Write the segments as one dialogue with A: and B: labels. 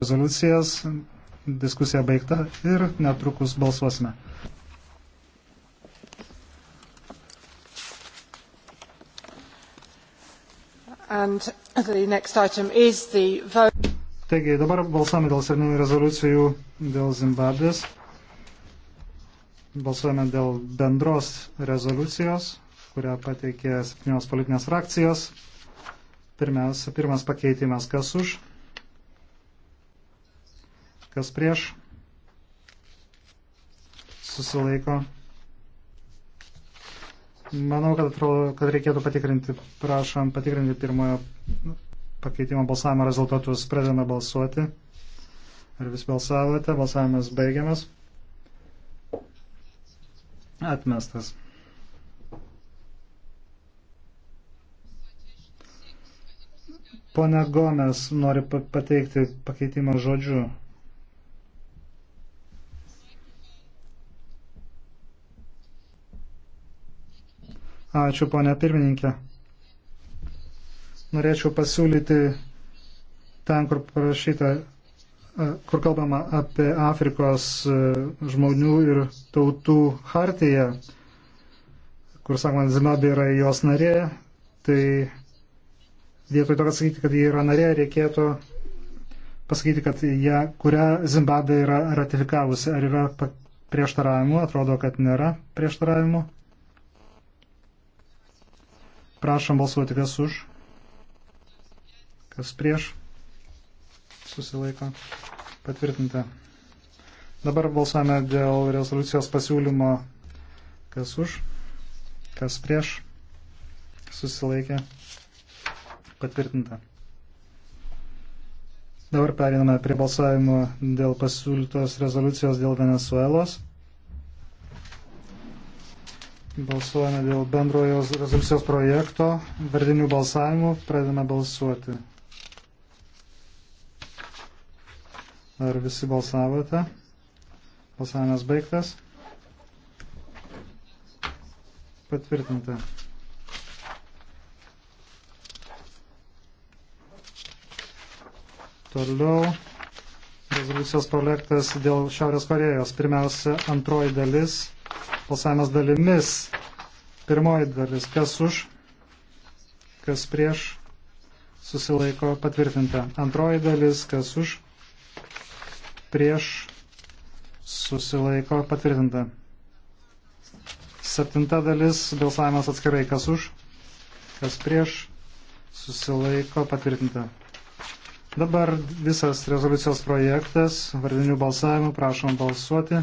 A: rezoliucijas. Diskusija baigta ir netrukus balsuosime. The... Taigi dabar balsuojame dėl senų rezoliucijų dėl Zimbabvės. Balsuojame dėl bendros rezoliucijos, kurią pateikė septynios politinės frakcijos. Pirmiausia, pirmas pakeitimas, kas už. Kas prieš? Susilaiko. Manau, kad, atrodo, kad reikėtų patikrinti, prašom patikrinti pirmojo pakeitimo balsavimo rezultatus. Pradedame balsuoti. Ar vis balsavote? Balsavimas baigiamas. Atmestas. Pone Gomes nori pateikti pakeitimą žodžiu. Ačiū, ponė pirmininkė. Norėčiau pasiūlyti ten, kur parašyta, kur kalbama apie Afrikos žmonių ir tautų hartiją, kur sakoma, Zimbabvė yra jos narė, tai vietoj to, kad sakyti, kad ji yra narė, reikėtų pasakyti, kad ją, kurią Zimbabvė yra ratifikavusi. Ar yra prieštaravimų? Atrodo, kad nėra prieštaravimų. Prašom balsuoti, kas už, kas prieš, susilaiko, patvirtinta. Dabar balsuojame dėl rezoliucijos pasiūlymo, kas už, kas prieš, susilaikė, patvirtinta. Dabar periname prie balsavimo dėl pasiūlytos rezoliucijos dėl Venezuelos. Balsuojame dėl bendrojo rezoliucijos projekto, vardinių balsavimų, pradedame balsuoti. Ar visi balsavote? Balsavimas baigtas. Patvirtinta. Toliau rezoliucijos projektas dėl Šiaurės Korejos. Pirmiausia, antroji dalis Balsavimas dalimis. Pirmoji dalis, kas už, kas prieš, susilaiko patvirtinta. Antroji dalis, kas už, prieš, susilaiko patvirtinta. Septinta dalis, balsavimas atskirai, kas už, kas prieš, susilaiko patvirtinta. Dabar visas rezoliucijos projektas, vardinių balsavimų, prašom balsuoti.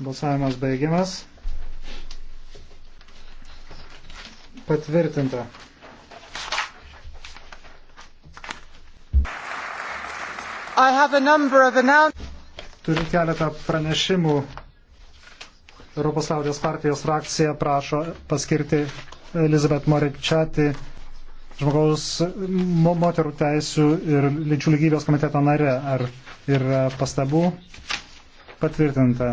A: Balsavimas baigiamas. Patvirtinta. Turiu keletą pranešimų. Europos liaudės partijos frakcija prašo paskirti Elizabet Moričati žmogaus moterų teisų ir lyčių lygybės komiteto nare. Ar yra pastabų? Patvirtinta.